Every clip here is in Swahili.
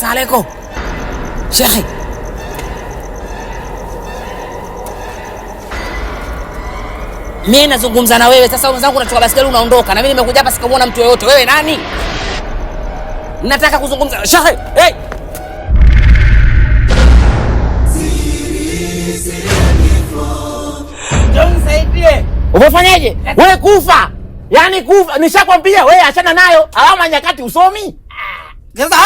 Saleko Cheikh mimi nazungumza na wewe sasa, wenzangu unachukua basikeli unaondoka, na mimi nimekuja hapa sikamwona mtu yoyote. Wewe nani? Nataka kuzungumza Shehe. Hey! Nisaidie. Umefanyaje? Wewe kufa. Yaani kufa. Nishakwambia wewe achana nayo. Alama nyakati usomi. Ah. Sasa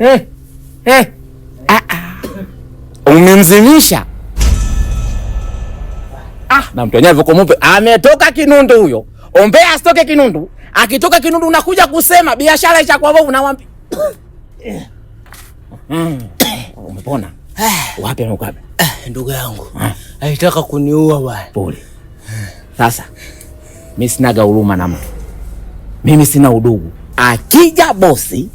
eh, eh. Ah, ah. Umemzimisha ah, na mtu wenyewe yuko mupe ametoka Kinundu huyo, ombea asitoke Kinundu. Akitoka Kinundu unakuja kusema biashara isha kwa wewe unawambia mm. Umepona ah. wapi na ukabe? Ah, ndugu yangu ah. alitaka kuniua bwana. Pole. Sasa mimi sinaga huruma na mtu, mimi sina udugu. Akija bosi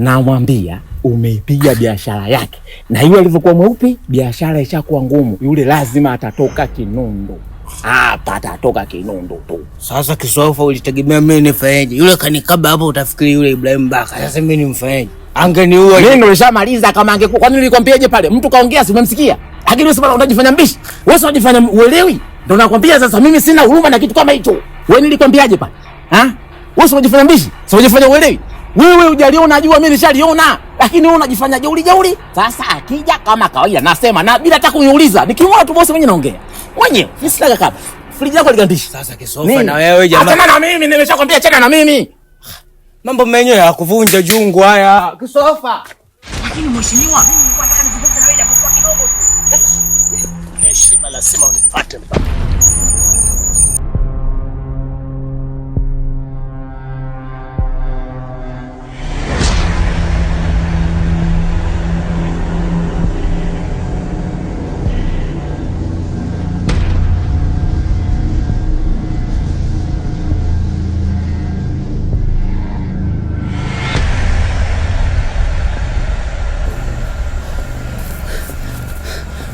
namwambia umeipiga biashara yake, na hiyo alivyokuwa mweupe, biashara ishakuwa ngumu. Yule lazima atatoka kinundu hapa, atatoka kinundu tu. Sasa kisofa, ulitegemea mimi nifanyeje? Yule kanikaba hapo, utafikiri yule Ibrahim Baka. Sasa mimi nimfanyeje? Angeniua mimi, nimeshamaliza. nishamaliza. Kama angekuwa, kwani nilikwambiaje pale? Mtu kaongea, si umemsikia? Lakini wewe sasa unajifanya mbishi, wewe sasa unajifanya uelewi. Ndo nakwambia sasa, mimi sina huruma na kitu kama hicho. Wewe nilikwambiaje pale? Ha, wewe sasa unajifanya mbishi, sasa unajifanya uelewi wewe ujaliona, unajua mimi nishaliona, lakini wewe unajifanya jeuri jeuri. Sasa akija kama kawaida, nasema na bila hata kuniuliza, nikimwona tu bosi mwenye naongea mwenyewe, misilaga kama friji yako ligandishi. Sasa kisofa na wewe jamaa, hata na mimi nimeshakwambia chana na mimi, mambo menyewe ya kuvunja jungu haya kisofa. Lakini mheshimiwa, mimi nilikuwa nataka nizungumze na wewe japo kwa kidogo tu, heshima lazima unifuate mpaka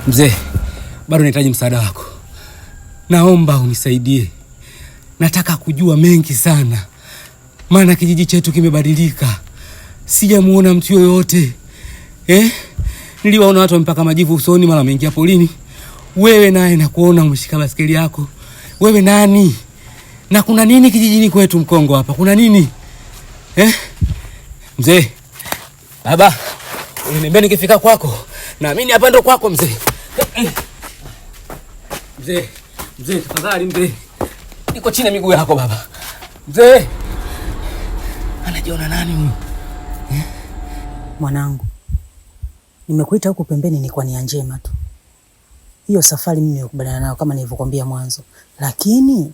Mzee, bado nahitaji msaada wako. Naomba unisaidie, nataka kujua mengi sana, maana kijiji chetu kimebadilika, sijamuona mtu yoyote eh? Niliwaona watu wamepaka majivu usoni, mara wameingia polini. Wewe naye nakuona umeshika baskeli yako, wewe nani? Na kuna nini kijijini kwetu Mkongo hapa, kuna nini eh? Mzee, baba uliniambia nikifika kwako, naamini hapa ndo kwako mzee. Mzee, mzee, tafadhali mzee, niko chini ya miguu yako baba. Mzee anajiona nani huyu? Eh? Mwanangu, nimekuita huku pembeni ni kwa nia njema tu. Hiyo safari mimi nimekubaliana nayo kama nilivyokuambia mwanzo, lakini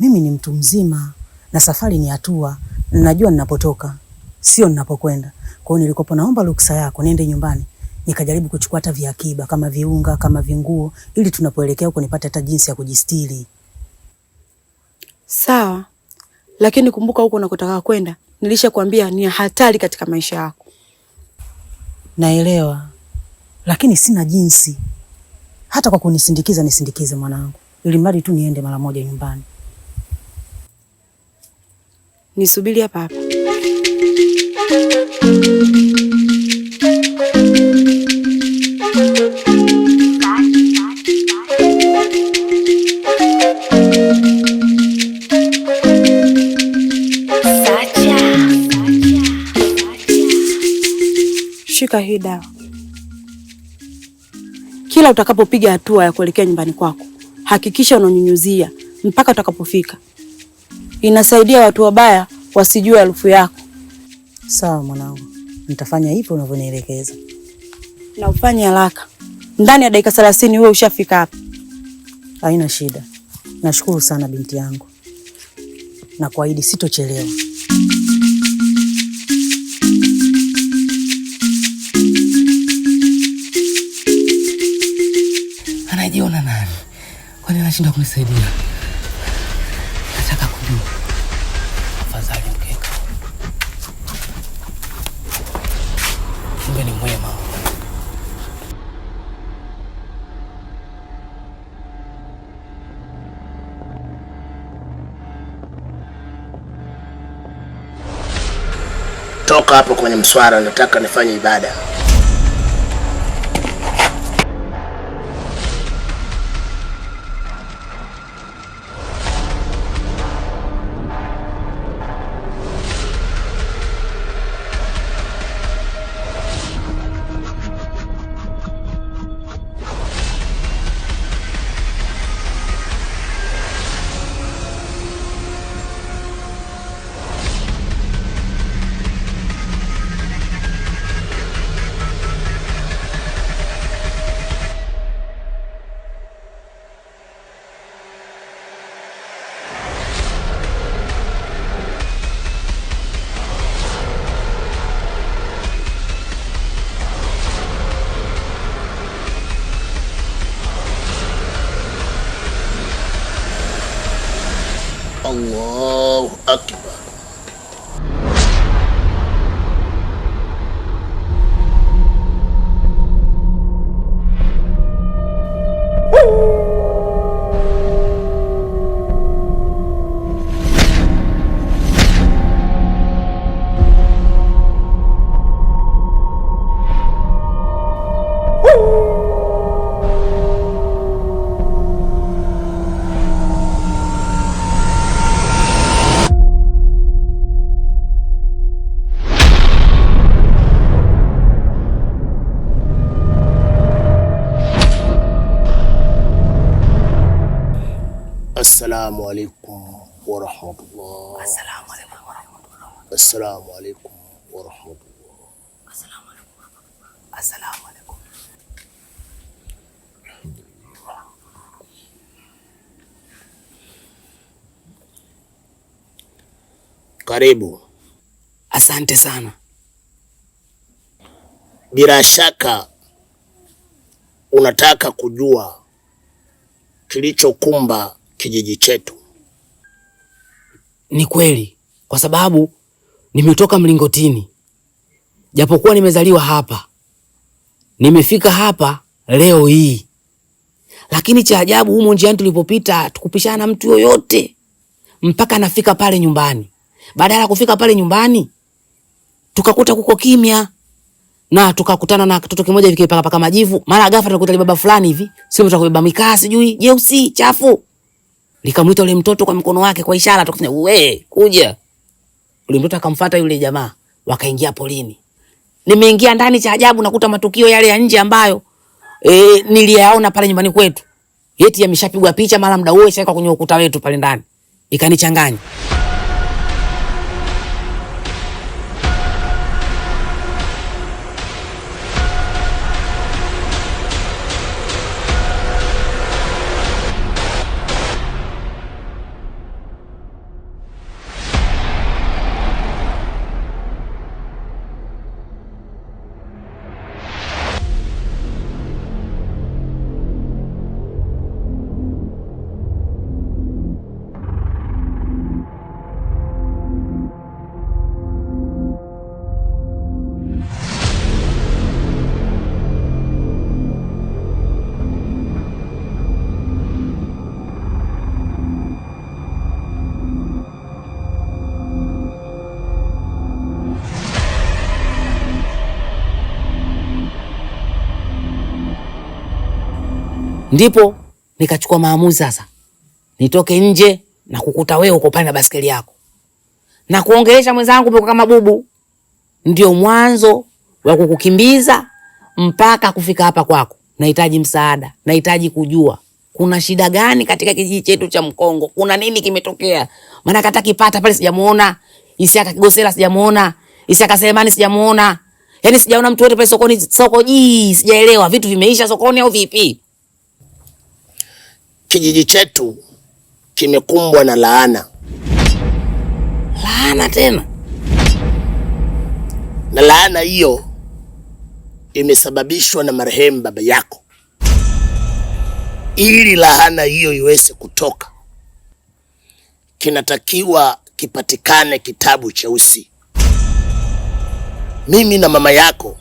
mimi ni mtu mzima na safari ni hatua. Najua ninapotoka sio ninapokwenda. Kwa hiyo nilikopo, naomba ruksa yako niende nyumbani nikajaribu kuchukua hata vya akiba kama viunga kama vinguo, ili tunapoelekea huko nipate hata jinsi ya kujistiri. Sawa, lakini kumbuka huko unakotaka kwenda, nilishakwambia ni hatari katika maisha yako. Naelewa, lakini sina jinsi. Hata kwa kunisindikiza nisindikize mwanangu, ili mradi tu niende mara moja nyumbani. Nisubiri hapa hapa. hii dawa. Kila utakapopiga hatua ya kuelekea nyumbani kwako, hakikisha unanyunyuzia mpaka utakapofika. Inasaidia watu wabaya wasijue harufu yako. Sawa mwanangu, nitafanya hivyo unavyonielekeza. Na ufanye haraka, ndani ya dakika thelathini wewe ushafika hapa. Haina shida. Nashukuru sana binti yangu, na kuahidi sitochelewa. Unashinda kunisaidia. Nataka kujua. Afadhali mkeka. Kumbe ni mwema. Toka hapo kwenye mswara, nataka nifanye ibada. السلام عليكم Karibu. Asante sana. Bila shaka unataka kujua kilichokumba kijiji chetu. Ni kweli, kwa sababu nimetoka mlingotini, japokuwa nimezaliwa hapa, nimefika hapa leo hii, lakini cha ajabu, humo njiani tulipopita tukupishana na mtu yoyote mpaka nafika pale nyumbani. Badala ya kufika pale nyumbani tukakuta kuko kimya na tukakutana na kitoto kimoja hivi kipaka paka majivu. Mara ghafla tunakuta baba fulani hivi, sio mtu akubeba mikaa, sijui jeusi chafu, likamwita yule mtoto kwa mkono wake kwa ishara, tukafanya we kuja. Yule mtoto akamfuata yule jamaa, wakaingia polini. Nimeingia ndani, cha ajabu nakuta matukio yale ya nje ambayo e, niliyaona pale nyumbani kwetu, yeti yameshapigwa picha, mara mda huo ishawekwa kwenye ukuta wetu pale ndani, ikanichanganya. Ndipo nikachukua maamuzi sasa nitoke nje na kukuta wewe uko pale na baskeli yako na kuongelesha mwenzangu peko kama bubu. Ndio mwanzo wa kukukimbiza mpaka kufika hapa kwako. Nahitaji msaada, nahitaji kujua kuna shida gani katika kijiji chetu cha Mkongo, kuna nini kimetokea? Maana kata kipata pale sijamuona, Isiaka Kigosela sijamuona, Isiaka Selemani sijamuona, yani sijaona mtu wote pale sokoni. Soko jii sijaelewa, vitu vimeisha sokoni au vipi? kijiji chetu kimekumbwa na laana. Laana tena? Na laana hiyo imesababishwa na marehemu baba yako. Ili laana hiyo iweze kutoka, kinatakiwa kipatikane kitabu cheusi. Mimi na mama yako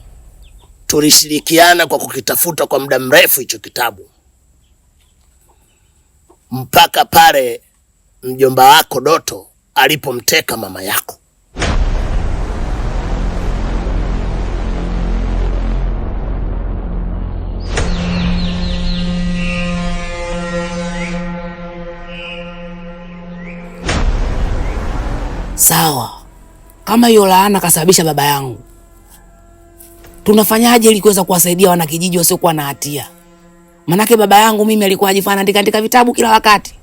tulishirikiana kwa kukitafuta kwa muda mrefu hicho kitabu mpaka pale mjomba wako Doto alipomteka mama yako. Sawa, kama hiyo laana kasababisha baba yangu, tunafanyaje ili kuweza kuwasaidia wanakijiji wasiokuwa na hatia? Manake baba yangu mimi alikuwa ajifanya andika andika vitabu kila wakati.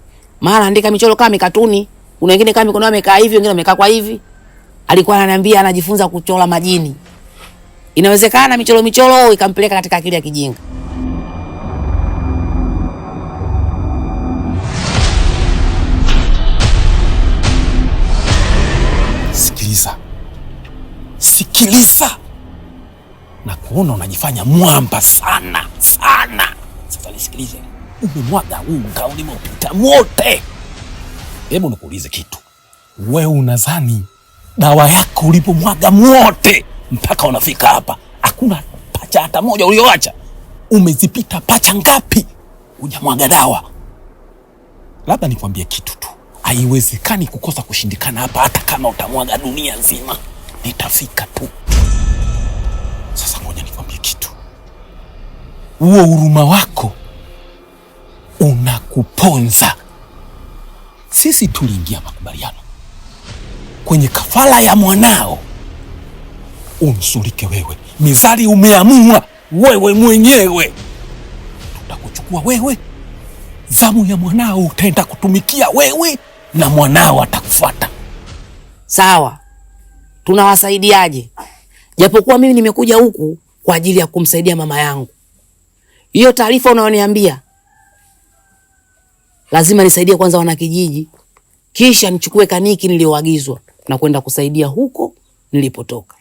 Mara andika michoro kama mikatuni, kuna wengine kama mikono yamekaa hivi, wengine wamekaa kwa hivi. Alikuwa ananiambia anajifunza kuchora majini. Inawezekana michoro michoro ikampeleka katika akili ya kijinga. Sikiliza. Sikiliza. Na kuona unajifanya mwamba sana sana nisikilize, umemwaga unga ulimopita wote. Hebu nikuulize kitu, we unadhani dawa yako ulipomwaga mwote mpaka unafika hapa, hakuna pacha hata moja ulioacha? Umezipita pacha ngapi hujamwaga dawa? Labda nikwambie kitu tu, haiwezekani kukosa kushindikana hapa. Hata kama utamwaga dunia nzima, nitafika tu. Sasa ngoja nikwambie kitu, huo huruma wako unakuponza. Sisi tuliingia makubaliano kwenye kafara ya mwanao umsulike wewe. Mizali umeamua wewe mwenyewe, tutakuchukua wewe, zamu ya mwanao utaenda kutumikia wewe, na mwanao atakufuata. Sawa, tunawasaidiaje? Japokuwa mimi nimekuja huku kwa ajili ya kumsaidia mama yangu. Hiyo taarifa unayoniambia lazima nisaidie kwanza wanakijiji, kisha nichukue kaniki niliyoagizwa na kwenda kusaidia huko nilipotoka.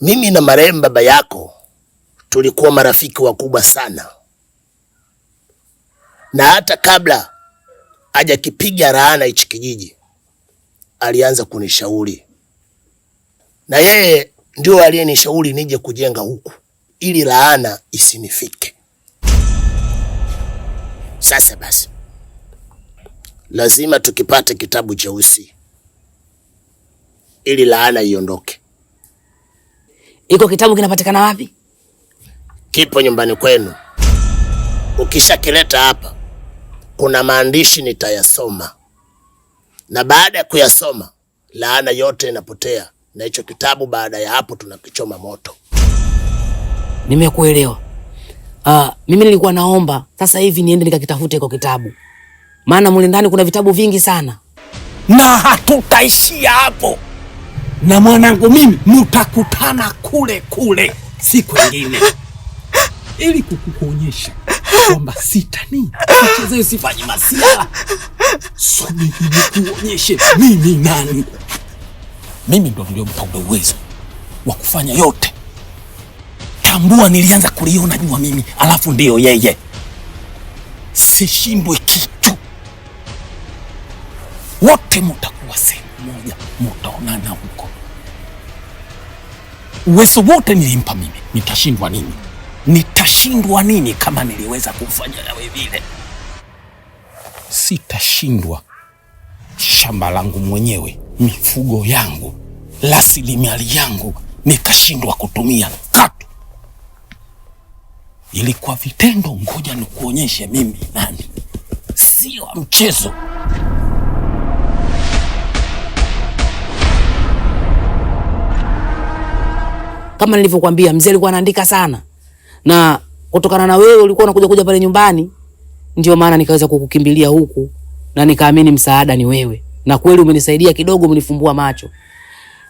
Mimi na marehemu baba yako tulikuwa marafiki wakubwa sana, na hata kabla hajakipiga laana hichi kijiji alianza kunishauri, na yeye ndio aliyenishauri nije kujenga huku ili laana isinifike. Sasa basi, lazima tukipate kitabu cheusi ili laana iondoke. Iko kitabu kinapatikana wapi? Kipo nyumbani kwenu. Ukishakileta hapa, kuna maandishi nitayasoma, na baada ya kuyasoma laana yote inapotea, na hicho kitabu baada ya hapo tunakichoma moto. Nimekuelewa. Uh, mimi nilikuwa naomba sasa hivi niende nikakitafute kwa kitabu, maana mule ndani kuna vitabu vingi sana, na hatutaishia hapo, na mwanangu mimi mutakutana kule kule siku ingine ili kukuonyesha kwamba sitani chezee, sifanye masiara, subiri nikuonyeshe mimi nani. Mimi ndo niliyompa uwezo wa kufanya yote kutambua, nilianza kuliona jua mimi, alafu ndiyo yeye, sishindwe kitu. Wote mutakuwa sehemu moja, mutaonana huko. Uwezo wote nilimpa mimi, nitashindwa nini? Nitashindwa nini kama niliweza kumfanya yawe vile? Sitashindwa shamba langu mwenyewe, mifugo yangu, rasilimali yangu nikashindwa kutumia kwa vitendo. Ngoja nikuonyeshe mimi nani, sio mchezo. Kama nilivyokuambia, mzee alikuwa anaandika sana, na kutokana na wewe ulikuwa unakuja kuja pale nyumbani, ndio maana nikaweza kukukimbilia huku na nikaamini msaada ni wewe, na kweli umenisaidia kidogo, umenifumbua macho.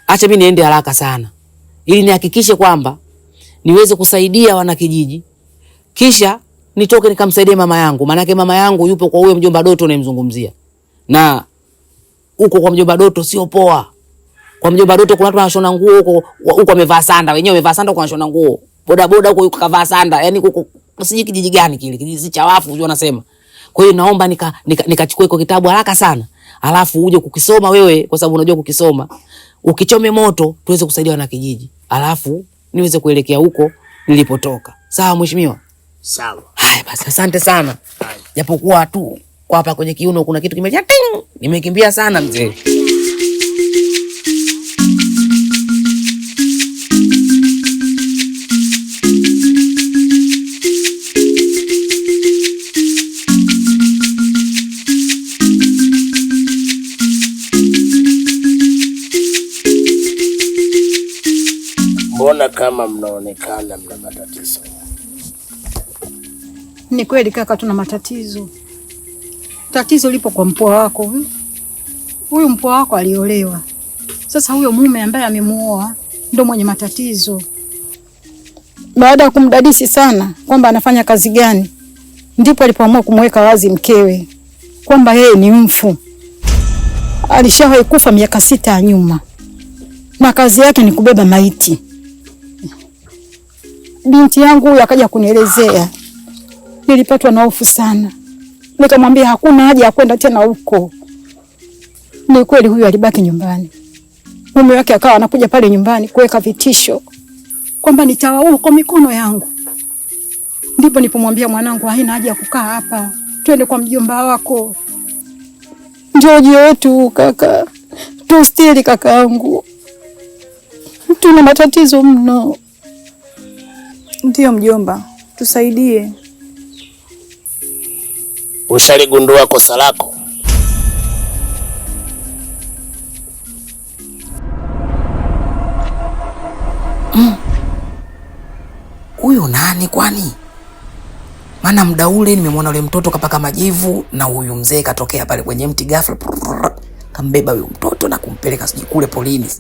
Acha mimi niende haraka sana, ili nihakikishe kwamba niweze kusaidia wanakijiji kisha nitoke nikamsaidie mama yangu, maanake mama yangu yupo kwa huyo mjomba Doto unayemzungumzia, na huko kwa mjomba Doto sio poa. Kwa mjomba Doto kuna watu wanashona nguo huko, huko amevaa sanda, wenyewe wamevaa sanda, kwa wanashona nguo, boda boda huko yuko kavaa sanda, yani huko sijui kijiji gani kile, kijiji cha wafu unajua nasema. Kwa hiyo naomba nikachukua nika, nika iko kitabu haraka sana, alafu uje kukisoma wewe, kwa sababu unajua kukisoma, ukichome moto tuweze kusaidia wana kijiji, alafu niweze kuelekea huko nilipotoka. Sawa mheshimiwa? Sawa. Haya basi, asante sana. Japokuwa tu kwa hapa kwenye kiuno kuna kitu kimeja ting, nimekimbia sana mzee. Eh. Mbona kama mnaonekana mna matatizo? Ni kweli kaka, tuna matatizo. Tatizo lipo kwa mpwa wako. Huyu mpwa wako aliolewa, sasa huyo mume ambaye amemuoa ndo mwenye matatizo. Baada ya kumdadisi sana kwamba anafanya kazi gani, ndipo alipoamua kumweka wazi mkewe kwamba yeye ni mfu, alishawahi kufa miaka sita ya nyuma, na kazi yake ni kubeba maiti. Binti yangu huyu akaja kunielezea nilipatwa na hofu sana, nikamwambia hakuna haja ya kwenda tena huko. Ni kweli huyu alibaki nyumbani, mume wake akawa anakuja pale nyumbani kuweka vitisho kwamba nitawaua kwa mikono yangu. Ndipo nipomwambia mwanangu, haina haja ya kukaa hapa, twende kwa mjomba wako. Njoji wetu kaka, tustiri kakaangu, tuna matatizo mno. Ndiyo mjomba, tusaidie ushaligundua kosa lako. Mm. Huyu mm, nani kwani? Maana muda ule nimemwona ule mtoto kapaka majivu na huyu mzee katokea pale kwenye mti ghafla, kambeba huyu mtoto na kumpeleka sijui kule polini.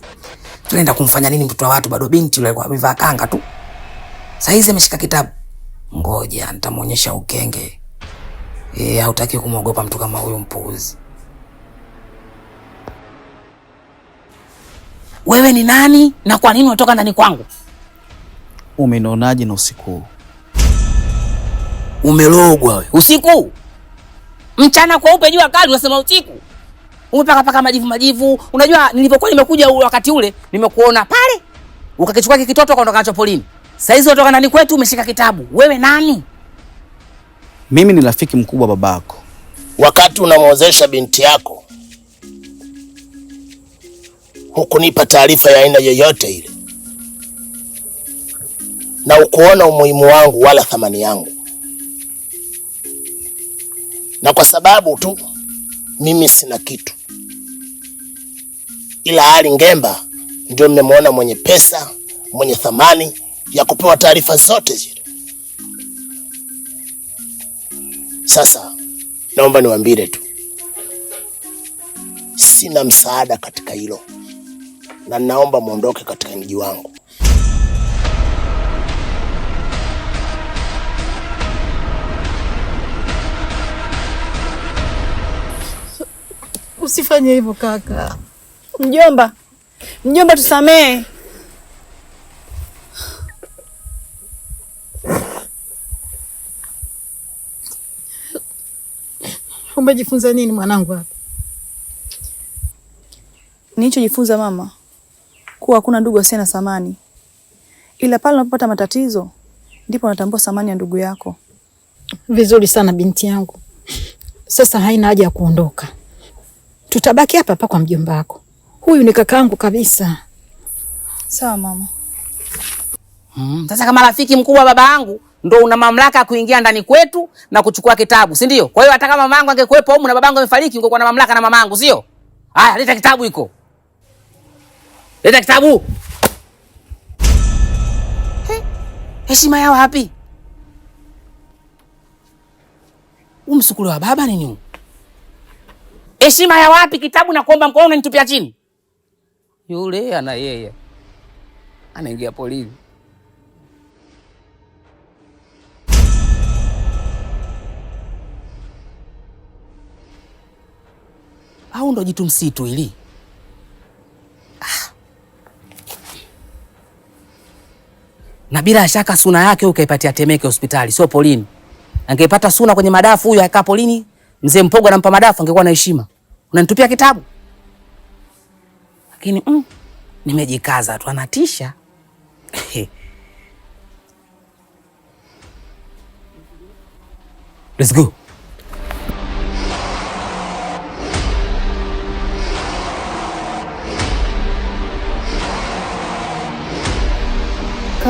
Tunaenda kumfanya nini mtoto wa watu? Bado binti yule alikuwa amevaa kanga tu, saizi ameshika kitabu. Ngoja nitamwonyesha ukenge. Eh, hautaki kumwogopa mtu kama huyu mpuuzi. Wewe ni nani na kwa nini unatoka ndani kwangu? Umenionaje na usiku? Umelogwa wewe. Usiku. Mchana kweupe jua kali unasema usiku. Umepaka paka majivu majivu. Unajua nilipokuwa nimekuja wakati ule nimekuona pale. Ukakichukua kikitoto kaondoka nacho polini. Sasa hizo unatoka ndani kwetu umeshika kitabu. Wewe nani? Mimi ni rafiki mkubwa babako. Wakati unamwozesha binti yako hukunipa taarifa ya aina yoyote ile, na ukuona umuhimu wangu wala thamani yangu, na kwa sababu tu mimi sina kitu, ila hali Ngemba ndio mmemwona mwenye pesa, mwenye thamani ya kupewa taarifa zote zile. Sasa naomba niwaambie tu, sina msaada katika hilo, na naomba mwondoke katika mji wangu. Usifanye hivyo kaka. Mjomba, mjomba, tusamehe. umejifunza nini mwanangu hapa? Nilichojifunza mama, kuwa hakuna ndugu asiye na thamani, ila pale unapopata matatizo ndipo unatambua thamani ya ndugu yako. Vizuri sana binti yangu. Sasa haina haja ya kuondoka, tutabaki hapa hapa kwa mjomba wako. Huyu ni kakaangu kabisa. Sawa mama. Hmm, sasa kama rafiki mkubwa baba yangu ndo una mamlaka ya kuingia ndani kwetu na kuchukua kitabu, si ndio? Kwa hiyo hata kama mamangu angekuepo huko na babangu amefariki, ungekuwa na mamlaka na mamangu, sio? Haya, leta kitabu hiko, Leta kitabu. Heshima yao wapi? Umsukule wa baba nini Heshima ya wapi? Kitabu na kuomba mkono unanitupia chini. Yule ana yeye anaingia polisi. au ndo jitu msitu hili? Ah. Na bila shaka suna yake ukaipatia Temeke hospitali, sio polini. Angeipata suna kwenye madafu, huyo akaa polini, mzee Mpogo anampa madafu, angekuwa na heshima. Unanitupia kitabu lakini mm, nimejikaza tu, anatisha Let's go.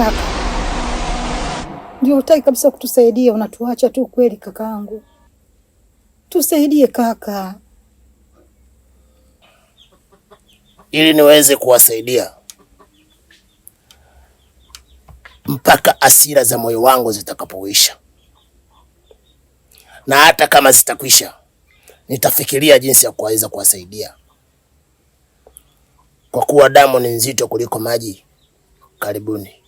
kaka, ndio utaki kabisa kutusaidia, unatuacha tu kweli? Kakaangu, tusaidie kaka, ili niweze kuwasaidia mpaka asira za moyo wangu zitakapoisha, na hata kama zitakwisha, nitafikiria jinsi ya kuweza kuwasaidia, kwa kuwa damu ni nzito kuliko maji. Karibuni.